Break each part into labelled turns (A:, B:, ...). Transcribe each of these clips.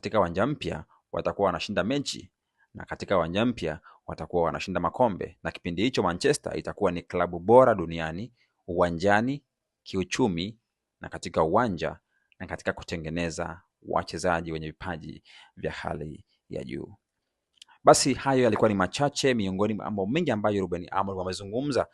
A: katika uwanja mpya watakuwa wanashinda mechi na katika uwanja mpya watakuwa wanashinda makombe, na kipindi hicho Manchester itakuwa ni klabu bora duniani uwanjani, kiuchumi, na katika uwanja na katika kutengeneza wachezaji wenye vipaji vya hali ya juu. Basi hayo yalikuwa ni machache miongoni mwa mambo mengi ambayo Ruben Amorim amezungumza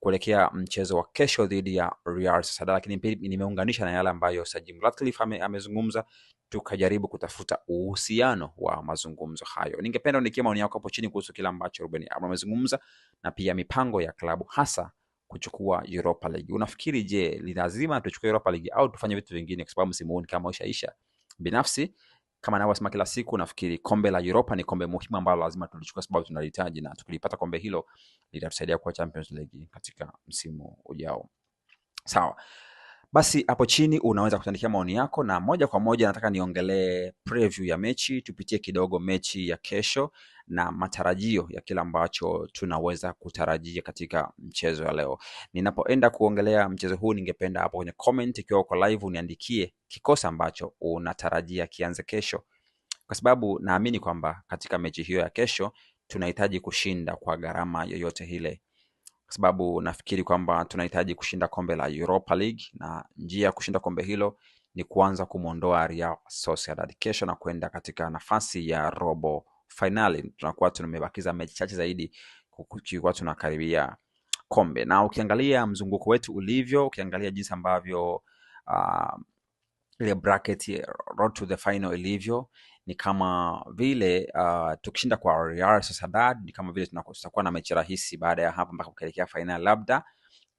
A: kuelekea mchezo wa kesho dhidi ya Real Sociedad, lakini pili nimeunganisha na yale ambayo Sir Jim Ratcliffe ame, amezungumza tukajaribu kutafuta uhusiano wa mazungumzo hayo. Ningependa nikie maoni yako hapo chini kuhusu kile ambacho Ruben Amorim amezungumza na pia mipango ya klabu hasa kuchukua Europa League. Unafikiri je, ni lazima tuchukue Europa League au tufanye vitu vingine, kwa sababu msimu huu kama ushaisha? Binafsi kama anavyosema kila siku, nafikiri kombe la Europa ni kombe muhimu ambalo lazima tulichukua, sababu tunalihitaji, na tukilipata kombe hilo litatusaidia kuwa Champions League katika msimu ujao. Sawa. Basi hapo chini unaweza kutandikia maoni yako, na moja kwa moja nataka niongelee preview ya mechi, tupitie kidogo mechi ya kesho na matarajio ya kile ambacho tunaweza kutarajia katika mchezo ya leo. Ninapoenda kuongelea mchezo huu, ningependa hapo kwenye comment, ikiwa uko live, uniandikie kikosa ambacho unatarajia kianze kesho, kwa sababu naamini kwamba katika mechi hiyo ya kesho tunahitaji kushinda kwa gharama yoyote ile kwa sababu nafikiri kwamba tunahitaji kushinda kombe la Europa League na njia ya kushinda kombe hilo ni kuanza kumwondoa Real Sociedad kesho na kwenda katika nafasi ya robo finali Tunakuwa tumebakiza mechi chache zaidi kukiwa tunakaribia kombe, na ukiangalia mzunguko wetu ulivyo, ukiangalia jinsi ambavyo uh, ile bracket road to the final ilivyo ni kama vile uh, tukishinda kwa Real Sociedad ni kama vile tutakuwa na mechi rahisi baada ya hapa mpaka kuelekea fainali, labda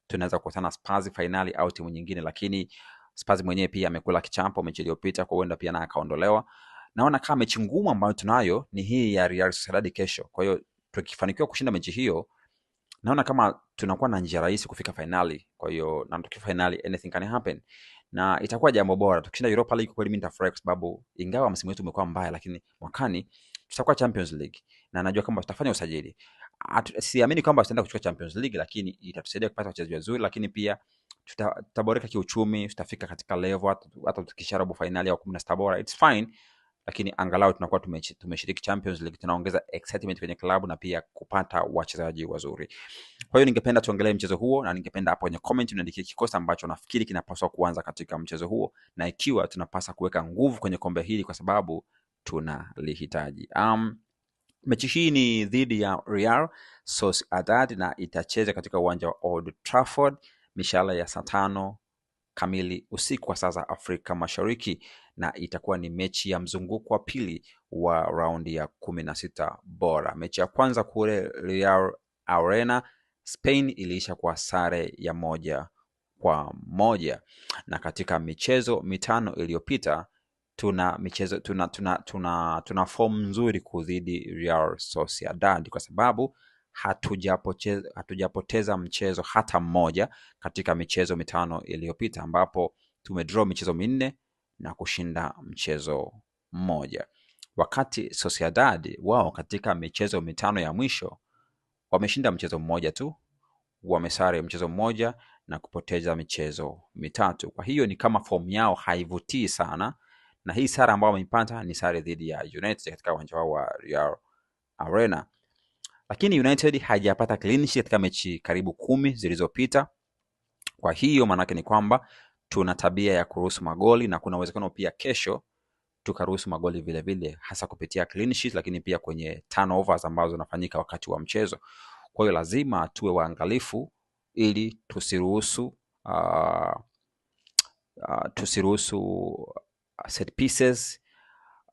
A: tunaweza kukutana Spurs fainali au timu nyingine, lakini Spurs mwenyewe pia amekula kichapo mechi iliyopita, kwa huenda pia naye akaondolewa. Naona kama mechi ngumu ambayo tunayo ni hii ya Real Sociedad kesho. Kwa hiyo tukifanikiwa kushinda mechi hiyo, naona kama tunakuwa na njia rahisi kufika fainali. Kwa hiyo na tukifika fainali anything can happen na itakuwa jambo bora. Tukishinda Europa League kweli mimi nitafurahi, kwa sababu ingawa msimu wetu umekuwa mbaya, lakini mwakani tutakuwa Champions League na najua kwamba tutafanya usajili. Siamini kwamba tutaenda kuchukua Champions League, lakini itatusaidia kupata wachezaji wazuri, lakini pia tutaboreka kiuchumi, tutafika katika level hata tukisha robo finali au 16 bora, it's fine lakini angalau tunakuwa tumeshiriki Champions League, tunaongeza excitement kwenye klabu na pia kupata wachezaji wazuri. Kwa hiyo ningependa tuongelee mchezo huo, na ningependa hapo kwenye comment uniandikie kikosi ambacho nafikiri kinapaswa kuanza katika mchezo huo, na ikiwa tunapasa kuweka nguvu kwenye kombe hili kwa sababu tunalihitaji. Um, mechi hii ni dhidi ya Real Sociedad na itacheza katika uwanja wa Old Trafford mishala ya saa tano kamili usiku kwa saa za Afrika Mashariki na itakuwa ni mechi ya mzunguko wa pili wa raundi ya kumi na sita bora. Mechi ya kwanza kule Real Arena Spain iliisha kwa sare ya moja kwa moja, na katika michezo mitano iliyopita tuna michezo tuna tuna tuna, tuna fomu nzuri kudhidi Real Sociedad kwa sababu hatujapoteza hatujapoteza mchezo hata mmoja katika michezo mitano iliyopita, ambapo tumedraw michezo minne na kushinda mchezo mmoja, wakati Sociedad wao katika michezo mitano ya mwisho wameshinda mchezo mmoja tu, wamesare mchezo mmoja na kupoteza michezo mitatu. Kwa hiyo ni kama fomu yao haivutii sana, na hii sare ambayo wameipata ni sare dhidi ya United katika uwanja wao wa Real Arena. Lakini United haijapata clean sheet katika mechi karibu kumi zilizopita. Kwa hiyo maanake ni kwamba tuna tabia ya kuruhusu magoli na kuna uwezekano pia kesho tukaruhusu magoli vile vile, hasa kupitia clean sheet, lakini pia kwenye turnovers ambazo zinafanyika wakati wa mchezo. Kwa hiyo lazima tuwe waangalifu ili tusiruhusu uh, uh, tusiruhusu set pieces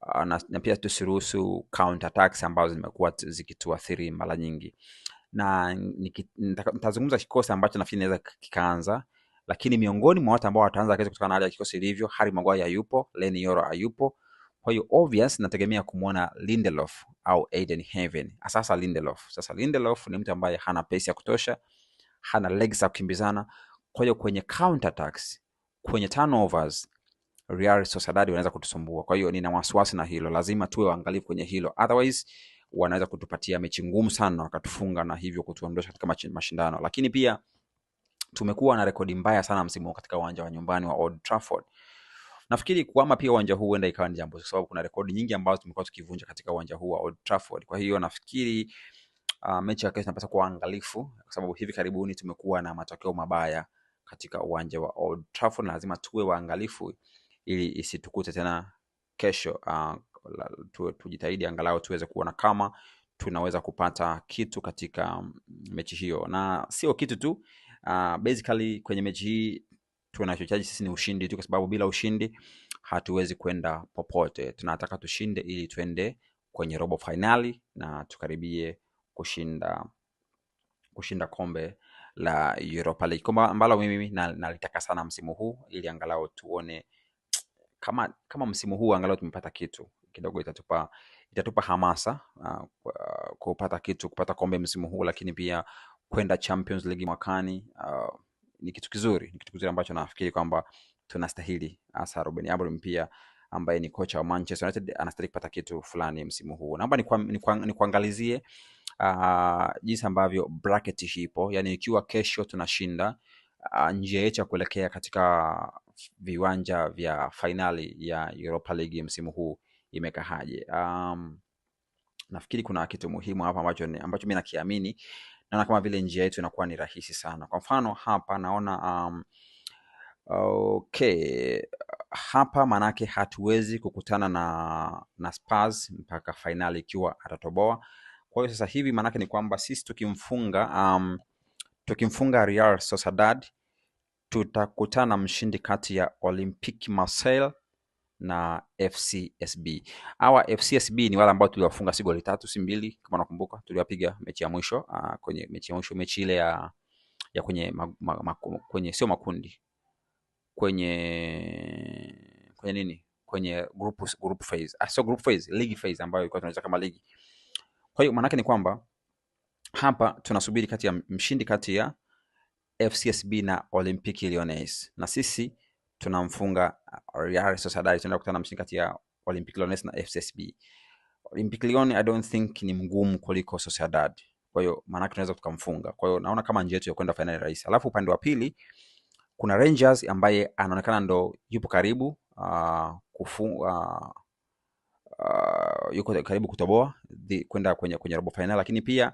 A: uh, na, na pia tusiruhusu counter attacks ambazo zimekuwa zikituathiri mara nyingi, na nitazungumza kikosi ambacho nafikiri inaweza kikaanza lakini miongoni mwa watu ambao wataanza kesho kutokana na hali ya kikosi ilivyo, Harry Maguire hayupo, Leny Yoro hayupo. Kwa hiyo obvious nategemea kumwona Lindelof au Eden Heaven. Sasa Lindelof. Sasa Lindelof ni mtu ambaye hana pace ya kutosha, hana legs za kukimbizana. Kwa hiyo kwenye counter attacks, kwenye turnovers Real Sociedad wanaweza kutusumbua. Kwa hiyo nina wasiwasi na hilo. Lazima tuwe waangalifu kwenye hilo. Otherwise wanaweza kutupatia mechi ngumu sana wakatufunga na hivyo kutuondosha katika mashindano. Lakini pia tumekuwa na rekodi mbaya sana msimu katika uwanja wa nyumbani wa Old Trafford. Nafikiri kuama pia uwanja huu huenda ikawa ni jambo, kwa sababu kuna rekodi nyingi ambazo tumekuwa tukivunja katika uwanja huu wa Old Trafford. Kwa hiyo nafikiri uh, mechi ya kesho inapaswa kuwa angalifu, kwa sababu hivi karibuni tumekuwa na matokeo mabaya katika uwanja wa Old Trafford, na lazima tuwe waangalifu ili isitukute tena kesho. Uh, tu, tujitahidi angalau tuweze kuona kama tunaweza kupata kitu katika mm, mechi hiyo, na sio kitu tu Uh, basically kwenye mechi hii tunachochaji sisi ni ushindi tu, kwa sababu bila ushindi hatuwezi kwenda popote. Tunataka tushinde ili tuende kwenye robo finali na tukaribie kushinda kushinda kombe la Europa League, kombe ambalo mimi nalitaka na sana msimu huu, ili angalau tuone kama kama msimu huu angalau tumepata kitu kidogo, itatupa itatupa hamasa uh, kupata kitu kupata kombe msimu huu, lakini pia kwenda Champions League mwakani uh, ni kitu kizuri, ni kitu kizuri ambacho nafikiri kwamba tunastahili, hasa Ruben Amorim pia ambaye ni kocha wa Manchester United anastahili kupata kitu fulani msimu huu. Naomba nikuangalizie ni kwa, ni uh, jinsi ambavyo bracket ipo, yani ikiwa kesho tunashinda uh, njia yetu ya kuelekea katika viwanja vya fainali ya Europa League msimu huu imekahaje? Um, nafikiri kuna kitu muhimu hapa ambacho, ambacho mi nakiamini naona kama vile njia yetu inakuwa ni rahisi sana. Kwa mfano hapa naona um, okay hapa maanake hatuwezi kukutana na, na Spurs mpaka fainali ikiwa atatoboa. Kwa hiyo sasa hivi maanake ni kwamba sisi tukimfunga um, tukimfunga Real Sociedad tutakutana mshindi kati ya olympic Marseille na FCSB. Hawa FCSB ni wale ambao tuliwafunga si goli tatu si mbili, kama nakumbuka, tuliwapiga mechi ya mwisho uh, kwenye mechi ya mwisho, mechi ile ya ya kwenye ma, ma, ma, kwenye sio makundi, kwenye kwenye nini, kwenye group group phase ah, sio group phase, league phase ambayo ilikuwa tunaweza kama league. Kwa hiyo maana yake ni kwamba hapa tunasubiri kati ya mshindi kati ya FCSB na Olympique Lyonnais na sisi tunamfunga Real Sociedad, tunaenda kukutana na mshindi kati ya Lyonnais na FCSB. Lyon I don't think ni mgumu kuliko Sociedad, kwa hiyo tunaweza tukamfunga. Kwa hiyo naona kama njia yetu ya kwenda rahisi. Alafu upande wa pili kuna Rangers ambaye anaonekana ndo yupo karibu uh, ah, kufunga uh, ah, yuko karibu kutoboa kwenda kwenye, kwenye robo lakini pia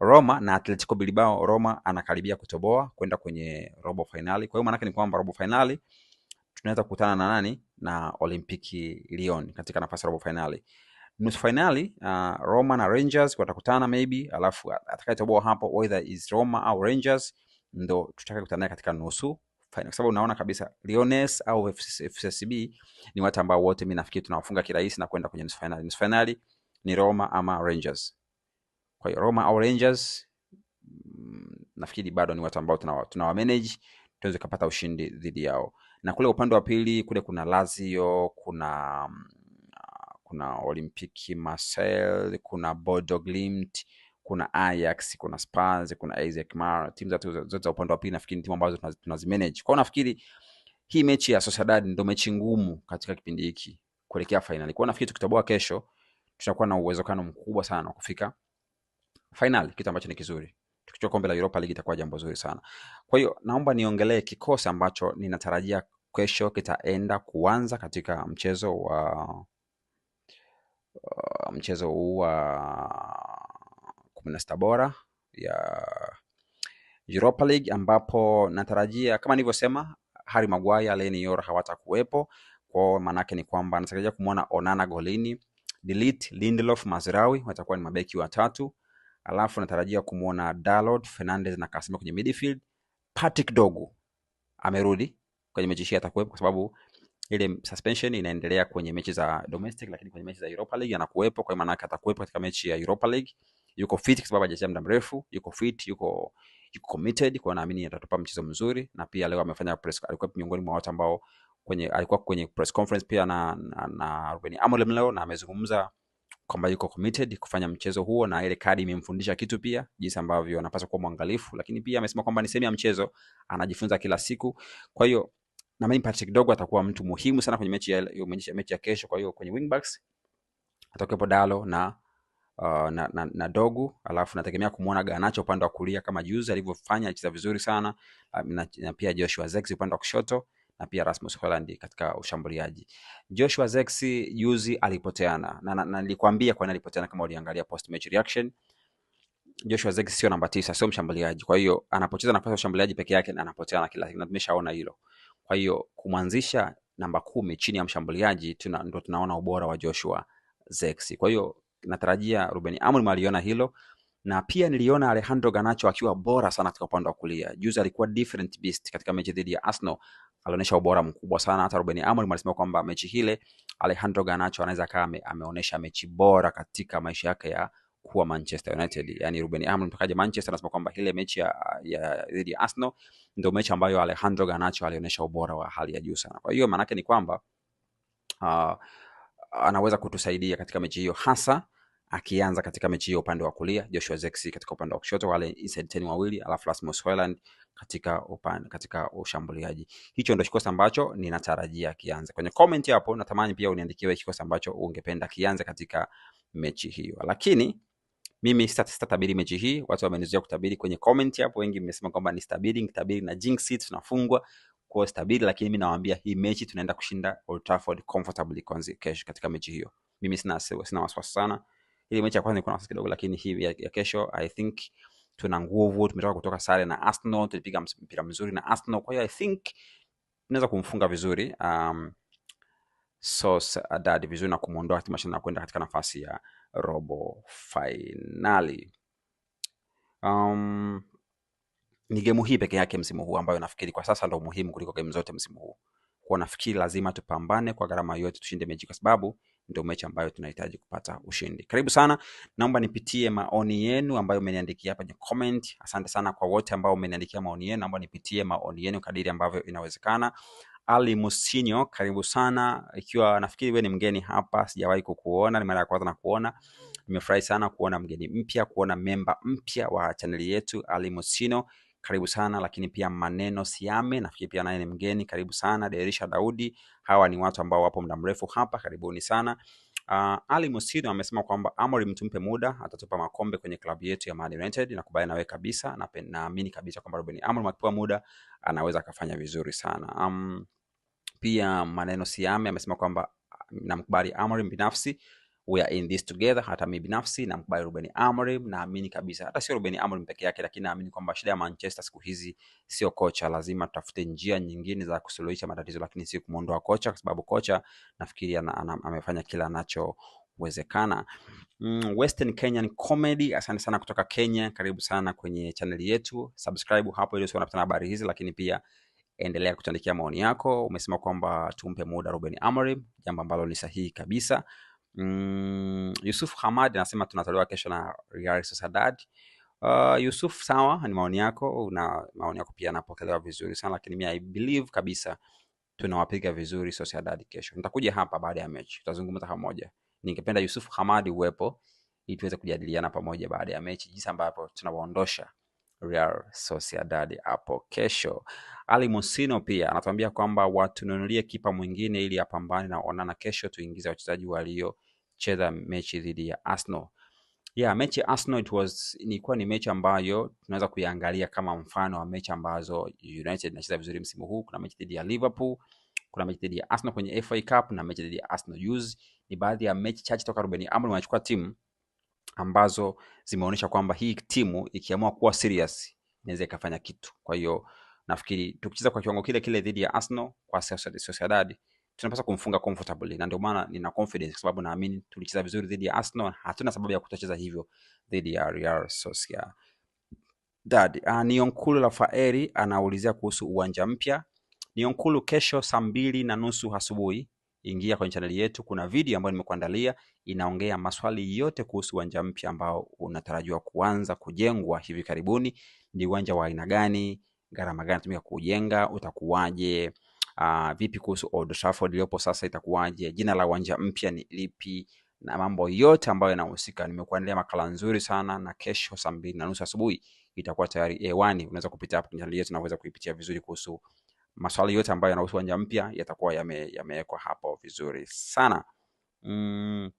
A: Roma na Atletico Bilbao. Roma anakaribia kutoboa kwenda kwenye robo fainali, kwa hiyo ni kwamba robo fainali tunaweza kukutana na nani na Olimpiki Lyon katika nafasi ya robo finali. Nusu finali uh, Roma na Rangers watakutana maybe, alafu atakayetoboa hapo either is Roma au Rangers ndo tutakayekutana naye katika nusu finali, kwa sababu naona kabisa Lyones au FCCB ni watu ambao wote mimi nafikiri tunawafunga kirahisi na kwenda kwenye nusu finali. Nusu finali ni Roma ama Rangers. Kwa hiyo Roma au Rangers mm, nafikiri bado ni watu ambao tunawa, tunawa manage tuweze kupata ushindi dhidi yao na kule upande wa pili kule kuna Lazio, kuna kuna Olympique Marseille, kuna Bodo Glimt, kuna Ajax, kuna Spurs, kuna AZ Alkmaar. Timu zote za upande wa pili nafikiri ni timu ambazo tunazimanage. kwao nafikiri hii mechi ya Sociedad ndio mechi ngumu katika kipindi hiki kuelekea finali. kwao nafikiri tukitoboa kesho tutakuwa na uwezekano mkubwa sana wa kufika finali, kitu ambacho ni kizuri tukichukua kombe la Europa League itakuwa jambo zuri sana. Kwa hiyo naomba niongelee kikosi ambacho ninatarajia kesho kitaenda kuanza katika mchezo wa uh, mchezo huu wa kumi na sita bora ya Europa League ambapo natarajia kama nilivyosema, Harry Maguire, Leny Yoro hawatakuwepo kwa maanake ni kwamba natarajia kumwona Onana golini, Delite, Lindelof, Mazraoui watakuwa ni mabeki watatu alafu natarajia kumwona Dalot, Fernandez na Casemiro kwenye midfield. Patrick Dogu amerudi kwenye mechi hii, atakuwepo kwa sababu ile suspension inaendelea kwenye mechi za domestic, lakini kwenye mechi za Europa League anakuwepo. Kwa maana yake atakuwepo katika mechi ya Europa League. Yuko fit kwa sababu hajacheza muda mrefu, yuko fit, yuko yuko committed, kwa naamini atatupa mchezo mzuri. Na pia leo amefanya press, alikuwa miongoni mwa watu ambao kwenye alikuwa kwenye press conference pia na na, na Ruben Amorim leo na amezungumza kwamba yuko committed kufanya mchezo huo, na ile kadi imemfundisha kitu pia, jinsi ambavyo anapaswa kuwa mwangalifu, lakini pia amesema kwamba ni sehemu ya mchezo, anajifunza kila siku. Kwa hiyo na mimi Patrick Dogo atakuwa mtu muhimu sana kwenye mechi ya, mechi ya ya kesho. Kwa hiyo kwenye wingbacks atakuwepo Dalo na Uh, na, na, na Dogu alafu nategemea kumuona Ganacho upande wa kulia kama juzi alivyofanya, alicheza vizuri sana um, na, na pia Joshua Zexi upande wa kushoto na pia Rasmus Hojlund katika ushambuliaji. Joshua Zexi juzi alipoteana na nilikwambia kwa nini alipoteana, kama uliangalia post match reaction. Joshua Zexi sio namba tisa, sio mshambuliaji. Kwa hiyo anapocheza nafasi ya ushambuliaji peke yake anapoteana kila siku, na tumeshaona hilo. Kwa hiyo kumwanzisha namba kumi chini ya mshambuliaji tuna, ndo tunaona ubora wa Joshua Zexi. Kwa hiyo natarajia Ruben Amorim aliona hilo na pia niliona Alejandro ganacho akiwa bora sana katika upande wa kulia juzi. Alikuwa different beast katika mechi dhidi ya Arsenal, alionyesha ubora mkubwa sana. Hata Ruben Amorim alisema kwamba mechi ile Alejandro Garnacho anaweza kaa ameonyesha mechi bora katika maisha yake ya kuwa Manchester United. Yani Ruben Amorim tokaje Manchester anasema kwamba ile mechi ya ya dhidi ya Arsenal ndio mechi ambayo Alejandro Garnacho alionyesha ubora wa hali ya juu sana. Kwa hiyo maanake ni kwamba uh, anaweza kutusaidia katika mechi hiyo hasa akianza katika mechi hiyo upande wa kulia, Joshua Zexi katika upande wa kushoto, wale inside 10 wawili, alafu Rasmus Hojlund katika upande, katika ushambuliaji. Hicho ndio kikosi ambacho ninatarajia kianze. Kwenye comment hapo natamani pia uniandikiwe kikosi ambacho ungependa kianze katika mechi hiyo. Lakini mimi sitatabiri mechi hii, watu wamenizuia kutabiri kwenye comment hapo, wengi mmesema kwamba ni nisitabiri, nitabiri na jinx it tunafungwa kwa stabili, lakini mimi nawaambia hii mechi tunaenda kushinda Old Trafford comfortably kwanza kesho katika mechi hiyo. Mimi sina sina wasiwasi sana. Ile mechi ya kwanza ilikuwa na wasiwasi kidogo, lakini hii ya kesho I think tuna nguvu, tumetoka kutoka sare na Arsenal, tulipiga mpira mzuri na Arsenal, kwa hiyo I think tunaweza kumfunga vizuri um, Sos Adad vizuri na kumwondoa katika mashindano na kwenda katika nafasi ya robo fainali. Um, ni gemu hii peke yake msimu huu ambayo nafikiri kwa sasa ndo muhimu kuliko gemu zote msimu huu. Kwa nafikiri lazima tupambane kwa gharama yote tushinde mechi kwa sababu ndio mechi ambayo tunahitaji kupata ushindi. Karibu sana, naomba nipitie maoni yenu ambayo umeniandikia hapa kwenye comment. Asante sana kwa wote ambao umeniandikia maoni yenu, naomba nipitie maoni yenu kadiri ambavyo inawezekana. Ali Musinyo, karibu sana. Ikiwa nafikiri wewe ni mgeni hapa, sijawahi kukuona, ni mara ya kwanza nakuona. Nimefurahi sana kuona mgeni mpya, kuona memba mpya wa chaneli yetu Ali Musino karibu sana. Lakini pia Maneno Siame, nafikiri pia naye ni mgeni, karibu sana. Derisha Daudi, hawa ni watu ambao wapo muda mrefu hapa, karibuni sana. Uh, Ali Musido amesema kwamba Amorim tumpe muda, atatupa makombe kwenye klabu yetu ya Man United. Nakubali nawe kabisa, na naamini kabisa kwamba Ruben Amorim akipewa muda anaweza akafanya vizuri sana. Um, pia Maneno Siame amesema kwamba namkubali Amorim binafsi we are in this together. Hata mimi binafsi namkubali Ruben Amorim, naamini kabisa, hata sio Ruben Amorim peke yake, lakini naamini kwamba shida ya Manchester siku hizi sio kocha. Lazima tutafute njia nyingine za kusuluhisha matatizo, lakini sio kumuondoa kocha, kwa sababu kocha nafikiri amefanya kila anacho wezekana. Mm, Western Kenyan Comedy, asante sana kutoka Kenya, karibu sana kwenye chaneli yetu, subscribe hapo ili usiwe unapata habari hizi, lakini pia endelea kutandikia maoni yako. Umesema kwamba tumpe muda Ruben Amorim, jambo ambalo ni sahihi kabisa. Mm, Yusuf Hamad anasema tunatolewa kesho na Real Sociedad. Uh, Yusuf, sawa, ni maoni yako na maoni yako pia yanapokelewa vizuri sana, lakini mimi I believe kabisa tunawapiga vizuri Sociedad kesho. Nitakuja hapa baada ya mechi, tutazungumza pamoja. Ningependa Yusuf Hamad uwepo ili tuweze kujadiliana pamoja baada ya mechi jinsi ambavyo tunawaondosha Real Sociedad hapo kesho. Ali Musino pia anatuambia kwamba watununulie kipa mwingine ili apambane na Onana kesho, tuingize wachezaji waliocheza mechi dhidi ya Arsenal. Yeah, mechi ya Arsenal it was ilikuwa ni mechi ambayo tunaweza kuiangalia kama mfano wa mechi ambazo United inacheza vizuri msimu huu. Kuna mechi dhidi ya Liverpool, kuna mechi dhidi ya Arsenal kwenye FA Cup na mechi dhidi ya Arsenal Youth. Ni baadhi ya mechi chache toka Ruben Amorim anachukua timu ambazo zimeonyesha kwamba hii timu ikiamua kuwa serious inaweza ikafanya kitu. Kwa hiyo nafikiri tukicheza kwa kiwango kile kile dhidi ya Arsenal kwa Sociedad tunapaswa kumfunga comfortably, na ndio maana nina confidence, kwa sababu naamini tulicheza vizuri dhidi ya Arsenal, hatuna sababu ya kutocheza hivyo dhidi ya Real Sociedad. Uh, Nionkulu Rafaeli anaulizia kuhusu uwanja mpya. Nionkulu, kesho saa mbili na nusu asubuhi ingia kwenye chaneli yetu, kuna video ambayo nimekuandalia inaongea maswali yote kuhusu uwanja mpya ambao unatarajiwa kuanza kujengwa hivi karibuni. Ni uwanja wa aina gani? Gharama gani tumika kujenga? Utakuwaje? Uh, vipi kuhusu Old Trafford iliyopo sasa itakuwaje? Jina la uwanja mpya ni lipi? na mambo yote ambayo yanahusika. Nimekuandalia makala nzuri sana, na kesho saa mbili na nusu asubuhi itakuwa tayari hewani. Unaweza kupita hapo kwenye chaneli yetu na uweza kuipitia vizuri kuhusu maswali yote ambayo yanahusu uwanja mpya yatakuwa yamewekwa yame hapo vizuri sana. Mm.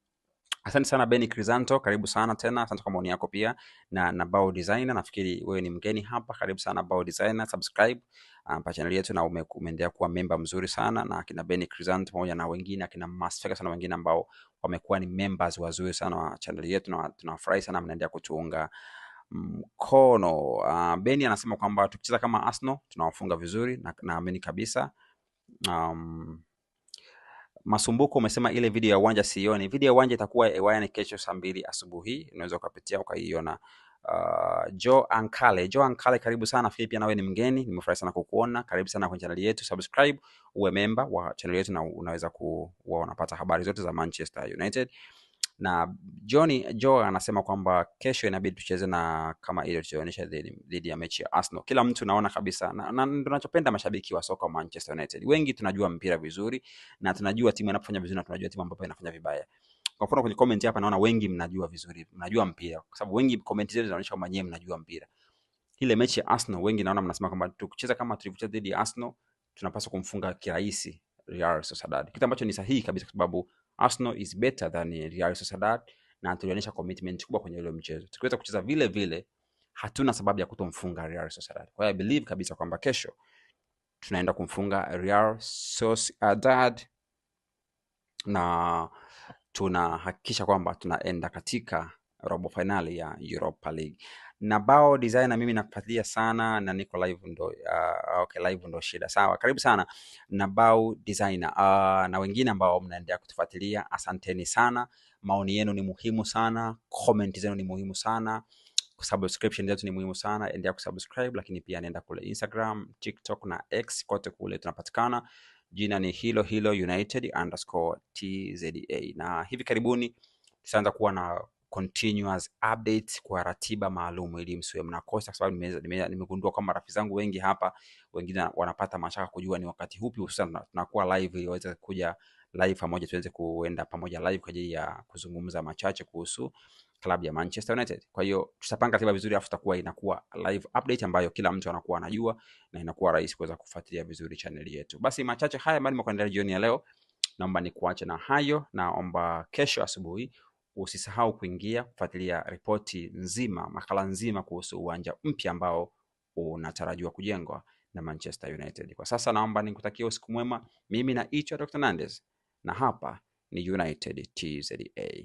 A: Asante sana Beni Crisanto, karibu sana tena. Asante kwa maoni yako pia na, na Bao Designer, nafikiri wewe ni mgeni hapa. Karibu sana Bao Designer, subscribe hapa um, channel yetu na ume, umeendelea kuwa member mzuri sana na akina Beni Crisanto pamoja na wengine akina Masfeka sana wengine ambao wamekuwa ni members wazuri sana wa channel yetu na tunafurahi sana mnaendelea kutuunga mkono. Uh, Beni anasema kwamba tukicheza kama Arsenal tunawafunga vizuri na naamini kabisa. Um, Masumbuko umesema ile video ya uwanja sioni. Video ya uwanja itakuwa ewayani kesho saa mbili asubuhi, unaweza ukapitia ukaiona. Uh, ah, Jo Ankale, Jo Ankale, karibu sana. Nafikiri pia nawe ni mgeni, nimefurahi sana kukuona. Karibu sana kwenye chaneli yetu, subscribe uwe member wa chaneli yetu, na unaweza kuwa unapata habari zote za Manchester United na John Joe anasema kwamba kesho inabidi tucheze na kama ile tulionyesha dhidi ya mechi ya Arsenal. Kila mtu naona kabisa na, na tunachopenda mashabiki wa soka wa Manchester United. Wengi tunajua mpira vizuri na tunajua timu inapofanya vizuri na tunajua timu ambayo inafanya vibaya. Kwa mfano kwenye comment hapa naona wengi mnajua vizuri, mnajua mpira kwa sababu wengi comment zenu zinaonyesha kwamba nyewe mnajua mpira. Ile mechi ya Arsenal wengi naona mnasema kwamba tukicheza kama tulivyocheza dhidi ya Arsenal tunapaswa kumfunga kirahisi Real Sociedad. Kitu ambacho ni sahihi kabisa kwa sababu Arsenal is better than Real Sociedad na tulionyesha commitment kubwa kwenye ile mchezo. Tukiweza kucheza vile vile, hatuna sababu ya kutomfunga Real Sociedad. Kwa hiyo I believe kabisa kwamba kesho tunaenda kumfunga Real Sociedad na tunahakikisha kwamba tunaenda katika robo finali ya Europa League na Bao na mimi nakufuatilia sana na niko live ndo, uh, okay, live ndo shida. Sawa, karibu sana na Bao Designer uh, na wengine ambao mnaendelea kutufuatilia, asanteni sana. Maoni yenu ni muhimu sana, comment zenu ni muhimu sana, subscription zetu ni muhimu sana. Endelea kusubscribe, lakini pia nenda kule Instagram, TikTok na X, kote kule tunapatikana, jina ni hilo hilo united_tza. Na hivi karibuni tutaanza kuwa na continuous updates kwa ratiba maalum ili msiwe mnakosa, kwa sababu nimegundua kwamba rafiki zangu wengi hapa, wengine wanapata mashaka kujua ni wakati upi hususan tunakuwa live ili waweze kuja live pamoja, tuweze kuenda pamoja live kwa ajili ya kuzungumza machache kuhusu klabu ya Manchester United. Kwa hiyo tutapanga tiba vizuri, afu takuwa inakuwa live update ambayo kila mtu anakuwa anajua na inakuwa rahisi kuweza kufuatilia vizuri channel yetu. Basi machache haya ambayo nimekuandalia jioni ya leo, naomba nikuache na hayo, naomba kesho asubuhi usisahau kuingia kufuatilia ripoti nzima, makala nzima kuhusu uwanja mpya ambao unatarajiwa kujengwa na Manchester United. Kwa sasa naomba nikutakia usiku mwema. Mimi naitwa Dr. Nandes na hapa ni United TZA.